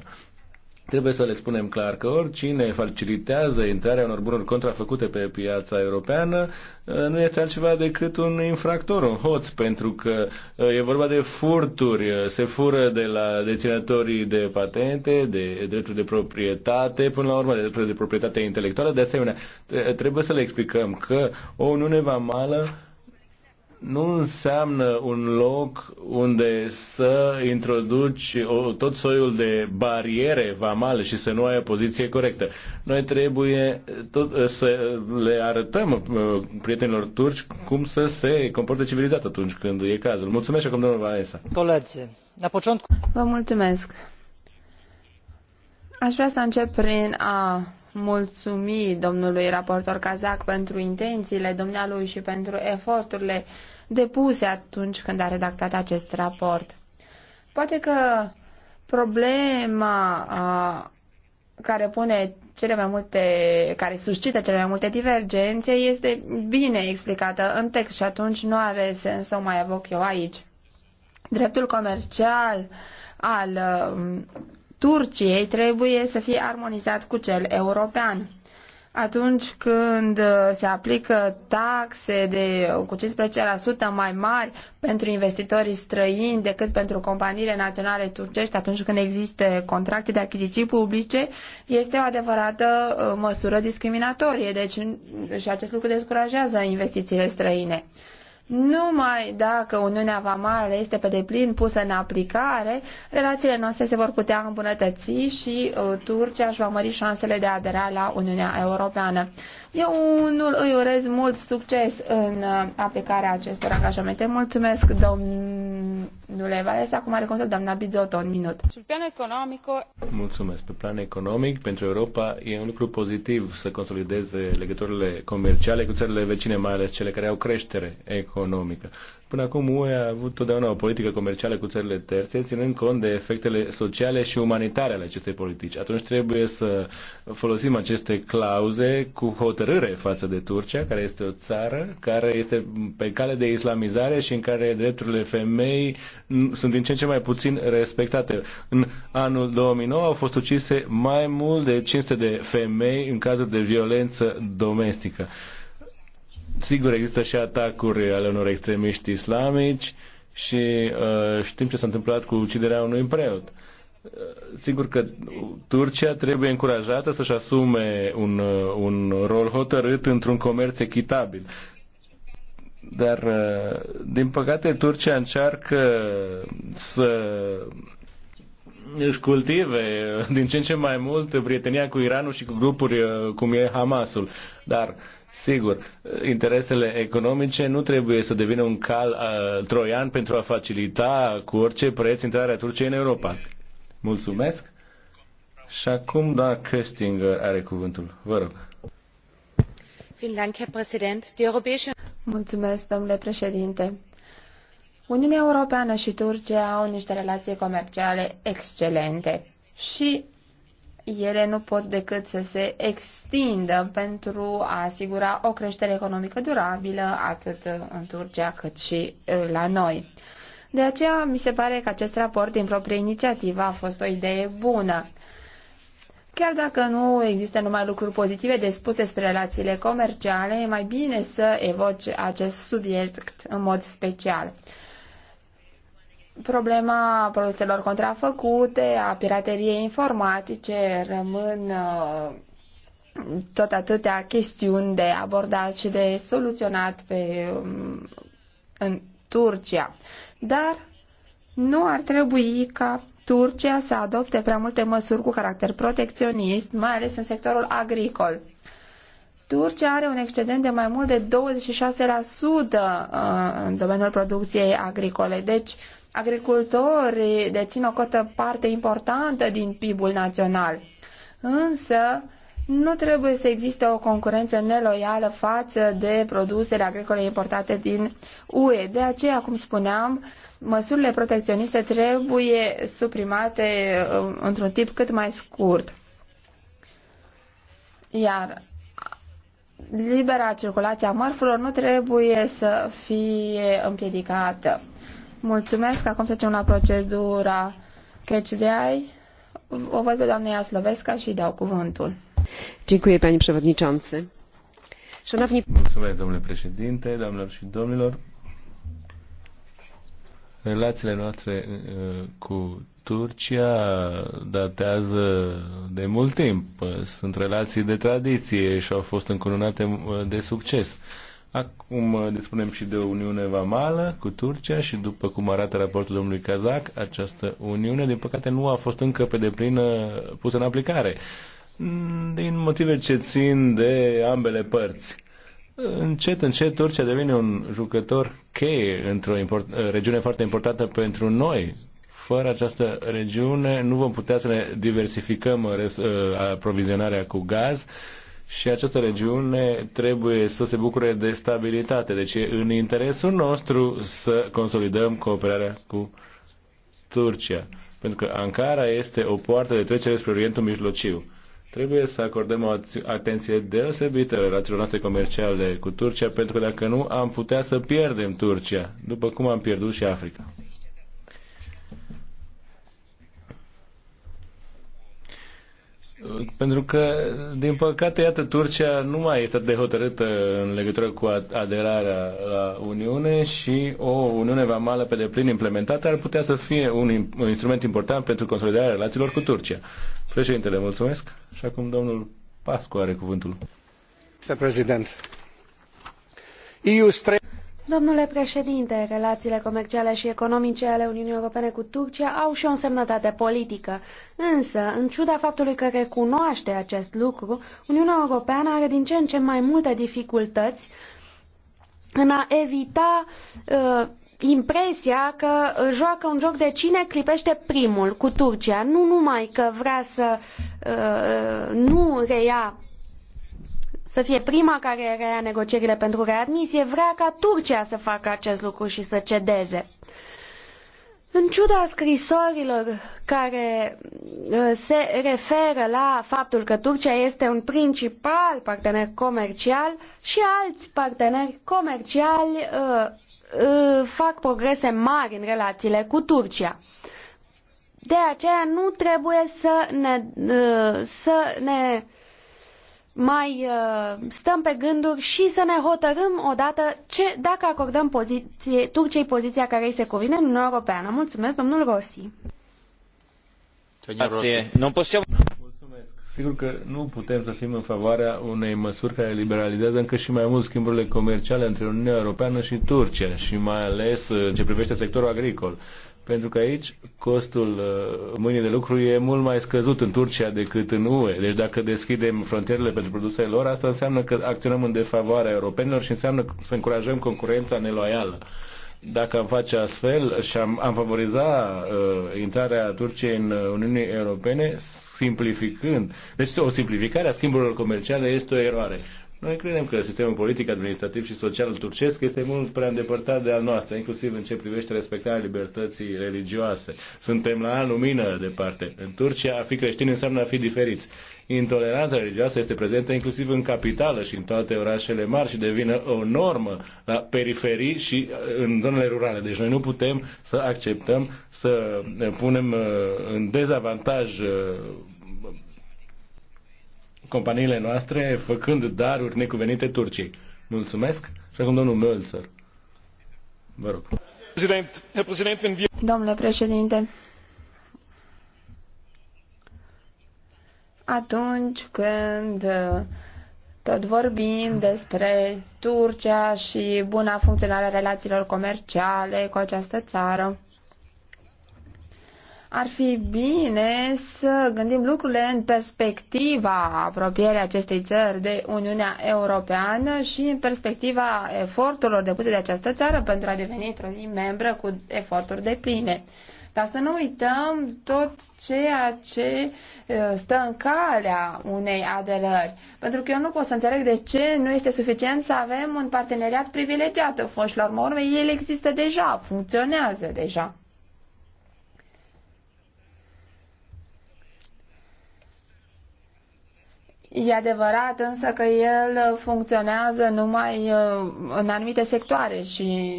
Trebuie să le spunem clar că oricine facilitează intrarea unor bunuri contrafăcute pe piața europeană ă, nu este altceva decât un infractor, un hoț, pentru că ă, e vorba de furturi, se fură de la deținătorii de patente, de drepturi de proprietate, până la urmă de drepturi de proprietate intelectuală, de asemenea ă, trebuie să le explicăm că o Uniune Vamală nu înseamnă un loc unde să introduci o, tot soiul de bariere vamale și să nu ai o poziție corectă. Noi trebuie tot, eh, să le arătăm eh, prietenilor turci cum să se comporte civilizat atunci când e cazul. Mulțumesc acum domnul Valesa. Vă mulțumesc. Aș vrea să încep prin a mulțumi domnului raportor Cazac pentru intențiile dumnealui și pentru eforturile depuse atunci când a redactat acest raport. Poate că problema a, care pune cele mai multe, care suscită cele mai multe divergențe este bine explicată în text și atunci nu are sens să o mai evoc eu aici. Dreptul comercial al Turciei trebuie să fie armonizat cu cel european. Atunci când se aplică taxe de cu 15% mai mari pentru investitorii străini decât pentru companiile naționale turcești, atunci când există contracte de achiziții publice, este o adevărată uh, măsură discriminatorie. Deci și acest lucru descurajează investițiile străine. Numai dacă Uniunea Vamală este pe deplin pusă în aplicare, relațiile noastre se vor putea îmbunătăți și uh, Turcia își va mări șansele de a adera la Uniunea Europeană. Eu unul îi urez mult succes în uh, aplicarea acestor angajamente. Mulțumesc, domnule Vales. Acum are contul doamna Bizotto, un minut. Plan economic, Mulțumesc. Pe plan economic, pentru Europa e un lucru pozitiv să consolideze legăturile comerciale cu țările vecine, mai ales cele care au creștere economică. Până acum UE a avut totdeauna o politică comercială cu țările terțe, ținând cont de efectele sociale și umanitare ale acestei politici. Atunci trebuie să folosim aceste clauze cu hotărâre față de Turcia, care este o țară care este pe cale de islamizare și în care drepturile femei sunt din ce în ce mai puțin respectate. În anul 2009 au fost ucise mai mult de 500 de femei în cazuri de violență domestică. Sigur, există și atacuri ale unor extremiști islamici și uh, știm ce s-a întâmplat cu uciderea unui preot. Uh, sigur că Turcia trebuie încurajată să-și asume un, uh, un rol hotărât într-un comerț echitabil. Dar, uh, din păcate, Turcia încearcă să își cultive din ce în ce mai mult prietenia cu Iranul și cu grupuri cum e Hamasul. Dar uh, Sigur, interesele economice nu trebuie să devină un cal uh, troian pentru a facilita cu orice preț intrarea Turciei în Europa. Mulțumesc. Și acum doar Köstinger are cuvântul. Vă rog. Mulțumesc, domnule președinte. Uniunea Europeană și Turcia au niște relații comerciale excelente și ele nu pot decât să se extindă pentru a asigura o creștere economică durabilă atât în Turcia cât și la noi. De aceea mi se pare că acest raport din proprie inițiativă a fost o idee bună. Chiar dacă nu există numai lucruri pozitive de spus despre relațiile comerciale, e mai bine să evoci acest subiect în mod special. Problema produselor contrafăcute, a pirateriei informatice rămân uh, tot atâtea chestiuni de abordat și de soluționat pe, um, în Turcia. Dar nu ar trebui ca Turcia să adopte prea multe măsuri cu caracter protecționist, mai ales în sectorul agricol. Turcia are un excedent de mai mult de 26% uh, în domeniul producției agricole, deci agricultorii dețin o cotă parte importantă din PIB-ul național. Însă, nu trebuie să existe o concurență neloială față de produsele agricole importate din UE. De aceea, cum spuneam, măsurile protecționiste trebuie suprimate uh, într-un timp cât mai scurt. Iar libera circulație a mărfurilor nu trebuie să fie împiedicată. Mulțumesc. Acum trecem la procedura catch the eye. O văd pe doamna Iaslovesca și îi dau cuvântul. Dziękuję, pani przewodniczący. Szanowni... Mulțumesc, domnule președinte, doamnelor și domnilor. Relațiile noastre cu Turcia datează de mult timp. Sunt relații de tradiție și au fost încununate de succes Acum uh, dispunem și de o uniune vamală cu Turcia și după cum arată raportul domnului Kazak, această uniune, din păcate, nu a fost încă pe deplin pusă în aplicare mm, din motive ce țin de ambele părți. Încet, încet, Turcia devine un jucător cheie într-o uh, regiune foarte importantă pentru noi. Fără această regiune nu vom putea să ne diversificăm uh, aprovizionarea cu gaz și această regiune trebuie să se bucure de stabilitate. Deci e în interesul nostru să consolidăm cooperarea cu Turcia. Pentru că Ankara este o poartă de trecere spre Orientul Mijlociu. Trebuie să acordăm o atenție deosebită relațiilor noastre comerciale cu Turcia, pentru că dacă nu, am putea să pierdem Turcia, după cum am pierdut și Africa. Pentru că, din păcate, iată, Turcia nu mai este de hotărâtă în legătură cu aderarea la Uniune și o Uniune vamală pe deplin implementată ar putea să fie un, un instrument important pentru consolidarea relațiilor cu Turcia. Președintele, mulțumesc. Și acum domnul Pascu are cuvântul. Mr. President, EU Domnule președinte, relațiile comerciale și economice ale Uniunii Europene cu Turcia au și o însemnătate politică. Însă, în ciuda faptului că recunoaște acest lucru, Uniunea Europeană are din ce în ce mai multe dificultăți în a evita uh, impresia că joacă un joc de cine clipește primul cu Turcia. Nu numai că vrea să uh, nu reia să fie prima care reia negocierile pentru readmisie, vrea ca Turcia să facă acest lucru și să cedeze. În ciuda scrisorilor care uh, se referă la faptul că Turcia este un principal partener comercial și alți parteneri comerciali uh, uh, fac progrese mari în relațiile cu Turcia. De aceea nu trebuie să ne, uh, să ne mai uh, stăm pe gânduri și să ne hotărâm odată ce, dacă acordăm poziție, Turciei poziția care îi se cuvine în Uniunea Europeană. Mulțumesc, domnul Rossi. Grazie. Sigur că nu putem să fim în favoarea unei măsuri care liberalizează încă și mai mult schimburile comerciale între Uniunea Europeană și Turcia și mai ales uh, în ce privește sectorul agricol pentru că aici costul uh, mâinii de lucru e mult mai scăzut în Turcia decât în UE. Deci dacă deschidem frontierele pentru produsele lor, asta înseamnă că acționăm în defavoarea europenilor și înseamnă să încurajăm concurența neloială. Dacă am face astfel și am, am favoriza uh, intrarea Turciei în Uniunii Europene, simplificând. Deci o simplificare a schimburilor comerciale este o eroare. Noi credem că sistemul politic, administrativ și social turcesc este mult prea îndepărtat de al noastră, inclusiv în ce privește respectarea libertății religioase. Suntem la lumină departe. În Turcia, a fi creștin înseamnă a fi diferiți. Intoleranța religioasă este prezentă inclusiv în capitală și în toate orașele mari și devine o normă la periferii și uh, în zonele rurale. Deci noi nu putem să acceptăm să ne punem uh, în dezavantaj uh, companiile noastre făcând daruri necuvenite Turciei. Mulțumesc și acum domnul Mölzer. Vă rog. Domnule președinte, atunci când uh, tot vorbim despre Turcia și buna funcționare a relațiilor comerciale cu această țară, ar fi bine să gândim lucrurile în perspectiva apropierii acestei țări de Uniunea Europeană și în perspectiva eforturilor depuse de această țară pentru a deveni într-o zi membră cu eforturi de pline. Dar să nu uităm tot ceea ce stă în calea unei aderări. Pentru că eu nu pot să înțeleg de ce nu este suficient să avem un parteneriat privilegiat. Foșilor, urmei, el există deja, funcționează deja. E adevărat însă că el funcționează numai uh, în anumite sectoare și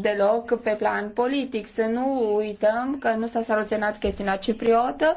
deloc pe plan politic. Să nu uităm că nu s-a soluționat chestiunea cipriotă,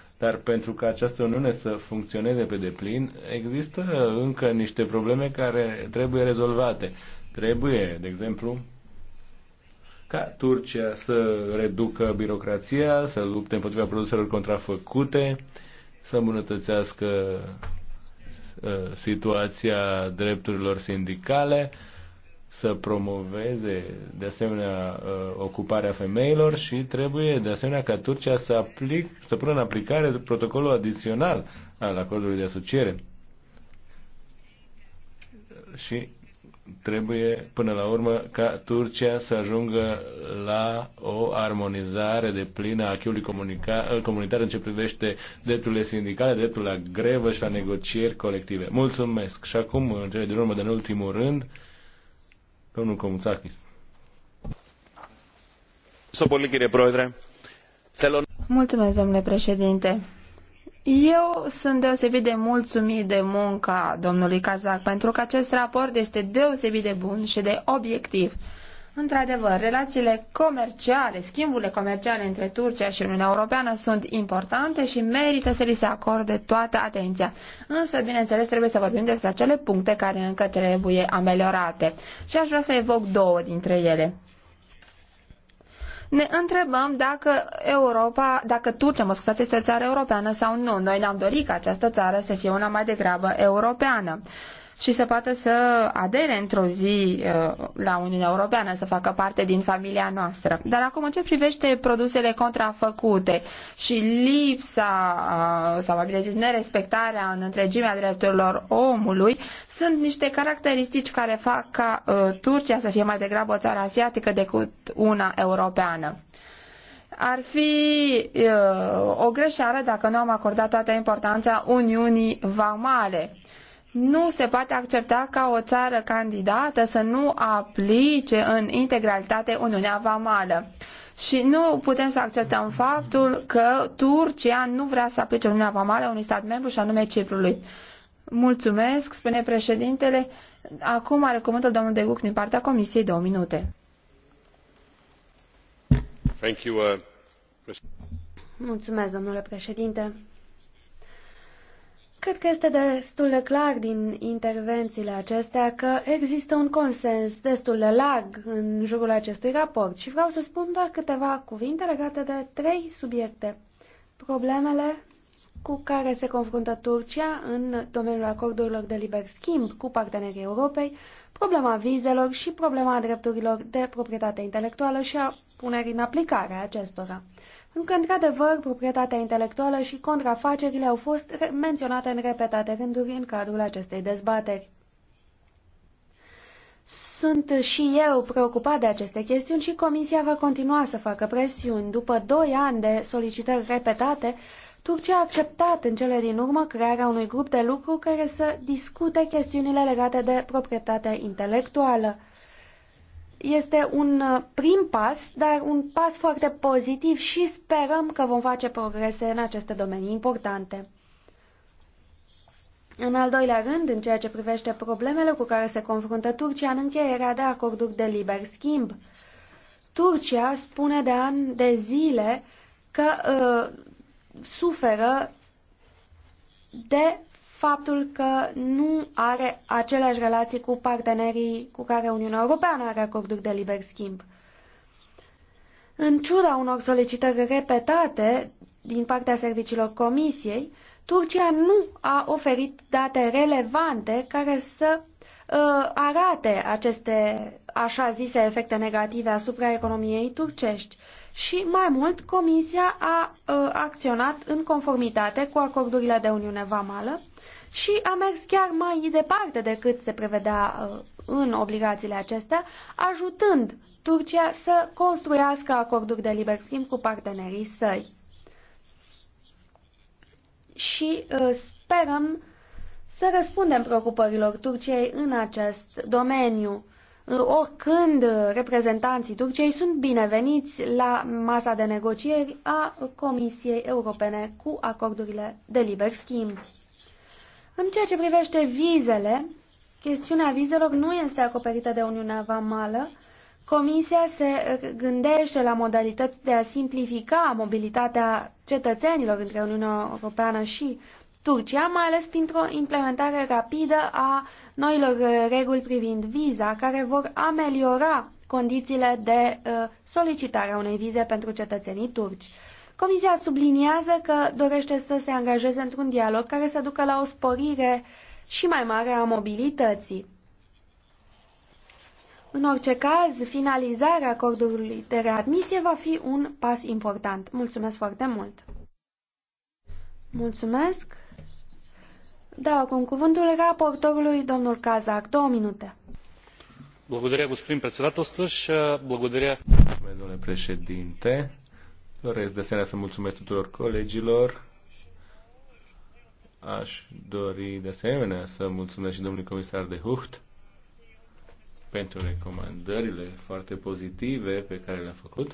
Dar pentru ca această Uniune să funcționeze pe deplin, există încă niște probleme care trebuie rezolvate. Trebuie, de exemplu, ca Turcia să reducă birocrația, să lupte împotriva produselor contrafăcute, să îmbunătățească uh, situația drepturilor sindicale, să promoveze de asemenea uh, ocuparea femeilor și trebuie de asemenea ca Turcia să, aplic, să pună în aplicare protocolul adițional al acordului de asociere. Și trebuie până la urmă ca Turcia să ajungă la o armonizare de plină a acquis uh, comunitar în ce privește drepturile sindicale, dreptul la grevă și la negocieri colective. Mulțumesc! Și acum, în cele din urmă, de în ultimul rând, Mulțumesc, domnule președinte. Eu sunt deosebit de mulțumit de munca domnului Kazak, pentru că acest raport este deosebit de bun și de obiectiv. Într-adevăr, relațiile comerciale, schimburile comerciale între Turcia și Uniunea Europeană sunt importante și merită să li se acorde toată atenția. Însă, bineînțeles, trebuie să vorbim despre acele puncte care încă trebuie ameliorate. Și aș vrea să evoc două dintre ele. Ne întrebăm dacă Europa, dacă Turcia, mă scuzați, este o țară europeană sau nu. Noi ne-am dorit ca această țară să fie una mai degrabă europeană și să poată să adere într-o zi uh, la Uniunea Europeană, să facă parte din familia noastră. Dar acum, în ce privește produsele contrafăcute și lipsa, uh, sau mai bine zis, nerespectarea în întregimea drepturilor omului, sunt niște caracteristici care fac ca uh, Turcia să fie mai degrabă o țară asiatică decât una europeană ar fi uh, o greșeală dacă nu am acordat toată importanța Uniunii Vamale. Nu se poate accepta ca o țară candidată să nu aplice în integralitate Uniunea Vamală. Și nu putem să acceptăm faptul că Turcia nu vrea să aplice Uniunea Vamală unui stat membru și anume Ciprului. Mulțumesc, spune președintele. Acum are cuvântul domnul Deguc din partea Comisiei două minute. Uh, Mulțumesc, domnule președinte. Cred că este destul de clar din intervențiile acestea că există un consens destul de larg în jurul acestui raport și vreau să spun doar câteva cuvinte legate de trei subiecte. Problemele cu care se confruntă Turcia în domeniul acordurilor de liber schimb cu partenerii Europei, problema vizelor și problema drepturilor de proprietate intelectuală și a punerii în aplicare a acestora în că, într-adevăr, proprietatea intelectuală și contrafacerile au fost menționate în repetate rânduri în cadrul acestei dezbateri. Sunt și eu preocupat de aceste chestiuni și Comisia va continua să facă presiuni. După doi ani de solicitări repetate, Turcia a acceptat în cele din urmă crearea unui grup de lucru care să discute chestiunile legate de proprietatea intelectuală. Este un uh, prim pas, dar un pas foarte pozitiv și sperăm că vom face progrese în aceste domenii importante. În al doilea rând, în ceea ce privește problemele cu care se confruntă Turcia în încheierea de acorduri de liber schimb, Turcia spune de ani de zile că uh, suferă de faptul că nu are aceleași relații cu partenerii cu care Uniunea Europeană are acorduri de liber schimb. În ciuda unor solicitări repetate din partea serviciilor Comisiei, Turcia nu a oferit date relevante care să uh, arate aceste așa zise efecte negative asupra economiei turcești. Uh, și mai mult Comisia a uh, acționat în conformitate cu acordurile de Uniune Vamală și a mers chiar mai departe decât se prevedea uh, în obligațiile acestea, ajutând Turcia să construiască acorduri de liber schimb cu partenerii săi. Și uh, sperăm să răspundem preocupărilor Turciei în acest domeniu Uh, oricând uh, reprezentanții Turciei sunt bineveniți la masa de negocieri a Comisiei Europene cu acordurile de liber schimb. În ceea ce privește vizele, chestiunea vizelor nu este acoperită de Uniunea Vamală. Comisia se gândește la modalități de a simplifica mobilitatea cetățenilor între Uniunea Europeană și Turcia, mai ales printr-o implementare rapidă a noilor reguli privind viza, care vor ameliora condițiile de uh, solicitare a unei vize pentru cetățenii turci. Comisia subliniază că dorește să se angajeze într-un dialog care să ducă la o sporire și mai mare a mobilității. În orice caz, finalizarea acordului de readmisie va fi un pas important. Mulțumesc foarte mult! Mulțumesc! Da, acum cuvântul raportorului, domnul Cazac. Două minute. Благодаря, господин și Благодаря. Domnule președinte, doresc de asemenea să mulțumesc tuturor colegilor. Aș dori de asemenea să mulțumesc și domnului comisar de Hucht pentru recomandările foarte pozitive pe care le-a făcut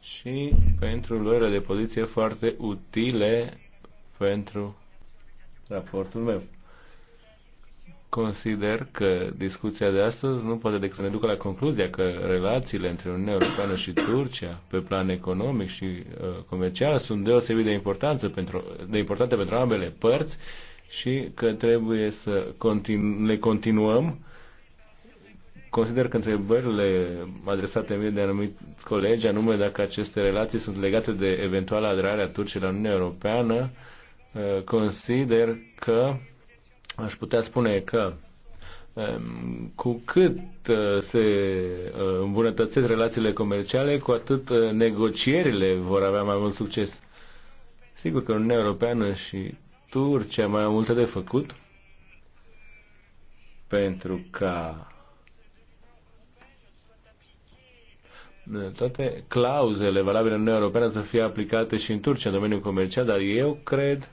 și pentru luările de poziție foarte utile pentru raportul meu. Consider că discuția de astăzi nu poate decât să ne ducă la concluzia că relațiile între Uniunea Europeană și Turcia, pe plan economic și uh, comercial, sunt deosebit de, importanță pentru, de importante pentru ambele părți și că trebuie să continu, le continuăm. Consider că întrebările adresate mie de anumit colegi, anume dacă aceste relații sunt legate de eventuala aderare a Turciei la Uniunea Europeană, uh, Eh, consider că aș putea spune că cu cât eh, se eh, îmbunătățesc relațiile comerciale, cu atât negocierile vor avea mai mult succes. Sigur că Uniunea Europeană și Turcia mai au multe de făcut pentru ca toate clauzele valabile în Uniunea Europeană să fie aplicate și în Turcia, în domeniul comercial, dar eu cred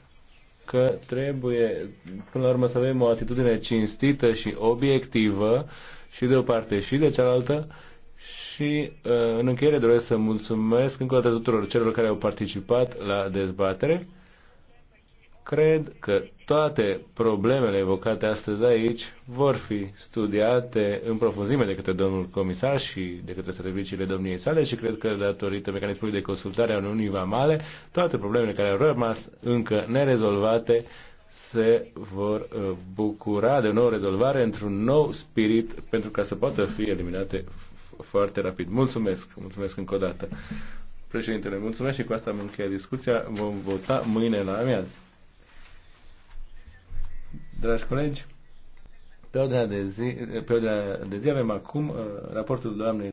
că trebuie, până la urmă, să avem o atitudine cinstită și obiectivă și de o parte și de cealaltă. Și uh, în încheiere doresc să mulțumesc încă o dată tuturor celor care au participat la dezbatere. Cred că toate problemele evocate astăzi aici vor fi studiate în profunzime de către domnul comisar și de către serviciile domniei sale și cred că datorită mecanismului de consultare a Uniunii Vamale, toate problemele care au rămas încă nerezolvate se vor uh, bucura de o nouă rezolvare într-un nou spirit pentru ca să poată fi eliminate foarte rapid. Mulțumesc, mulțumesc încă o dată. Președintele, mulțumesc și cu asta am încheiat discuția. Vom vota mâine la amiază. Dragi colegi, pe ordinea de zi, pe ordinea de zi avem acum uh, raportul doamnei